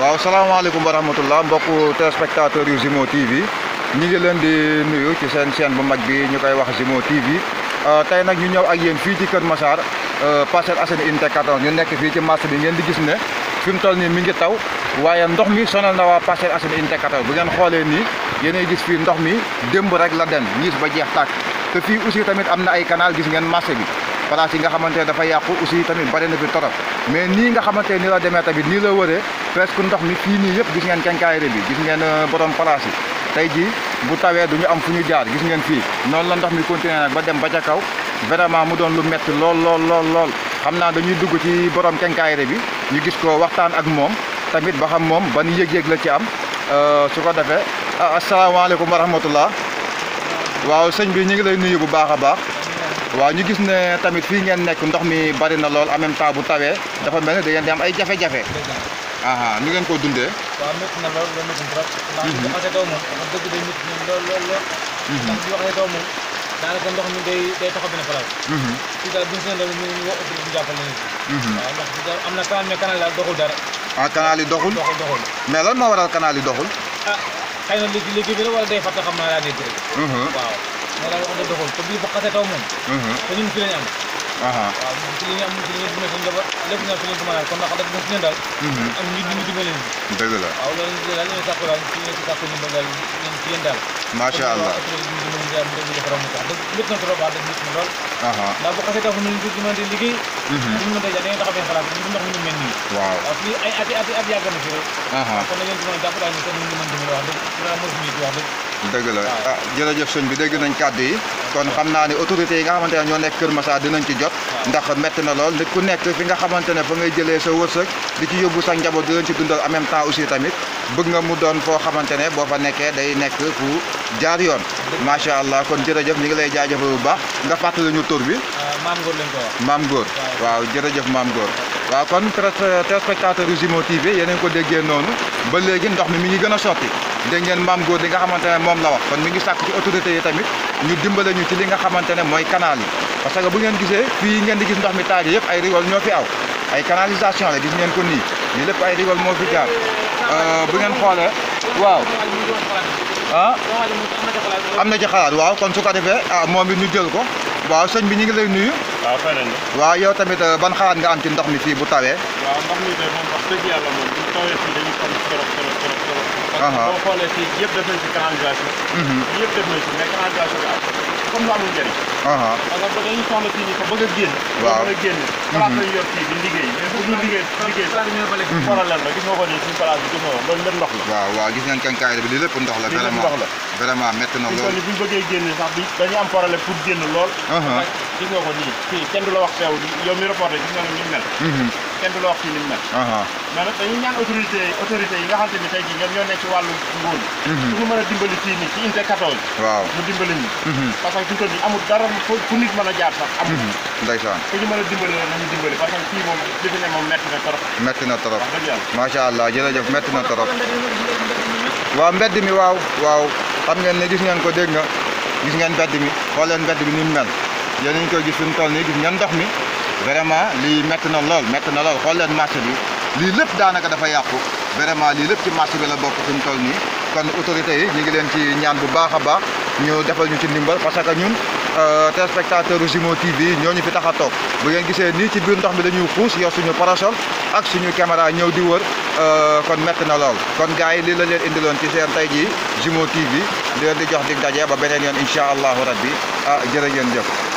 waaw salaamaaleykum wa rahmatullah mbokku téléspectateurs yu Zimo TV ñi ngi leen di nuyu ci seen chaîne bu mag bi ñu koy wax Zimo TV euh, tey nag ñu ñëw ak yéen fii ci Kër Massar euh, Parcelles Assainies unité 14 ñu nekk fii ci marché bi ngeen di gis ne fi mu toll nii mi ngi taw waaye ndox mi sonal na waa Parcelles Assainies unité 14 bu ngeen xoolee nii yéenay gis fii ndox mi démb rek la den ñiis ba jeex tàkk te fii aussi tamit am na ay canal gis ngeen marché bi place yi nga xamante ne dafa yàqu aussi tamit bari na fi torop mais nii nga xamante ni la demee tamit nii la wëree presque ndox mi fii nii yëpp gis ngeen kenkaayre bi gis ngeen eh, borom place yi tey jii bu tawee duñu am fu ñu jaar gis ngeen fii noonu la ndox mi continué nag ba dem ba ca kaw vraiment mu doon lu metti lool lool lool lool xam dañuy dugg ci borom kenkaayre bi ñu gis ko waxtaan ak moom tamit ba xam ban la ci am eh, su ko wa rahmatullah waaw sëñ bi ñu ngi lay nuyu bu baax waaw ñu gis ne tamit fii ngeen nekk ndox mi bari na lool en même temps bu tawee dafa mel ne da ngeen di am ay jafe-jafe. aha ko dundee. waaw métti mhm. na lool lool métti mhm. na ndox mi day day taxaw benn place. Mhm. na canal mais canal daal doxul dara. ah canal yi doxul doxul mais lan moo waral canal yi doxul. ah xëy na liggéey liggéey bi la wala day fàtte xam naa laa dégg rek. waaw. loolu daal wax dëgg doxul te bii bu xasee taw moom. te ñun fi lañ am. waaw ñun fi lañ am fi lañ dundee suñu njaboot lépp ñu am fi lañ ko mën a kon ndax daf ñu fi leen daal. am ñu ñu dimbale leen. dëgg la waaw loolu daal la ñuy sàkku daal fi ñu sàkku ñu daal ñu fi leen daal. macha allah métti na trop wax dëgg métti na lool. ndax bu xasee taw moom ñu mën di liggéey. ñu mën a da ngeen taxaw benn xalaat ñu ndox mi ñu mel nii. waaw fii ay at at yàgg na fi rek. kon dañ leen di mën a jàpp daal ñu mën di wax dëgg dëgg la a ah, jërëjëf sëñ bi dégg nañ kàddu yi kon xam naa ne autorités yi nga xamante ñoo nekk Kër Massar dinañ ci jot ndax mett na lool nit ku nekk fi nga xamante ne fa ngay jëlee sa wërsëg di ci yóbbu sa njaboot di leen ci dundal en même temps aussi tamit bëgg nga mu doon foo xamante ne boo fa nekkee day nekk fu jaar yoon macha allah kon jërëjëf ñu ngi lay jaajëfal bu baax nga fàttali ñu tur bi euh, maam góor lañ ko wax maam waaw jërëjëf maam goor waaw kon téléspectateurs yu Zimo TV yéen a ngi ko déggee noonu ba léegi ndox mi mi ngi gën a sotti dégg ngeen maam góor li nga xamante ne moom la wax kon mi ngi sàkk ci autorité yi tamit ñu dimbale ñu ci li nga xamante ne mooy canal yi parce que bu ngeen gisee fii ngeen di gis ndox mi taaje yëpp ay rigol ñoo fi aw ay canalisation la gis ngeen ko nii nii lépp ay rigol moo fi jaar euh, bu ngeen xoolee waaw ah? am na ci xalaat waaw kon su ko defee ah moom it ñu jël ko waaw sëñ bi ñu ngi lay nuyu waaw yow tamit euh, ban xalaat nga am ci ndox mi fii bu tawee waaw ndox mi de moom wax bi di liggéey ndox la waaw waaw gis ngeen kankaay bi li la vraiment ndox la vraiment métti na lool bu ñu bëggee génn sax dañu am problème pour génn lool gis nga nga ni mel kenn du la wax fii ni mu mel. mais ñaan autorité autorité yi nga xam te ni tey jii ñoom ñoo nekk ci wàllu nguur bi. Mhm. pour mën a dimbali fii nii ci unité 14. waaw mu dimbali ñu. Mhm. parce que fi mu toll nii amul dara mën a jaar sax amul. Mhm. ndeysaan ku ñu mën a dimbali la moom li na trop. métti na trop wax dëgg yàlla. macha allah jërëjëf métti na trop. waaw mbedd mi waaw. waaw xam ngeen ne gis ngeen ko dégg nga gis ngeen mbedd mi xool leen mbedd mi ni mu mel yéen a gis fi mu toll nii gis ngeen ndox mi vraiment lii métti na lool métti na lool xool leen marché bi lii lépp daanaka dafa yàqu vraiment lii lépp ci marché bi la bokk fi mu toll nii kon autorité yi ñu ngi leen ci ñaan bu baax a baax ñu defal ñu ci ndimbal parce que ñun te euh, téléspectateur Zimo TV ñoo ñu fi tax toog bu ngeen gisee nii ci biir ndox mi dañuy xuus yor suñu parasol ak suñu caméra ñëw di wër euh, kon métti na lool kon gars yi lii la leen indiloon ci seen tey jii Zimo TV di leen di jox dig daje ba beneen yoon incha allahu rabbi ah jërë ngeen jëf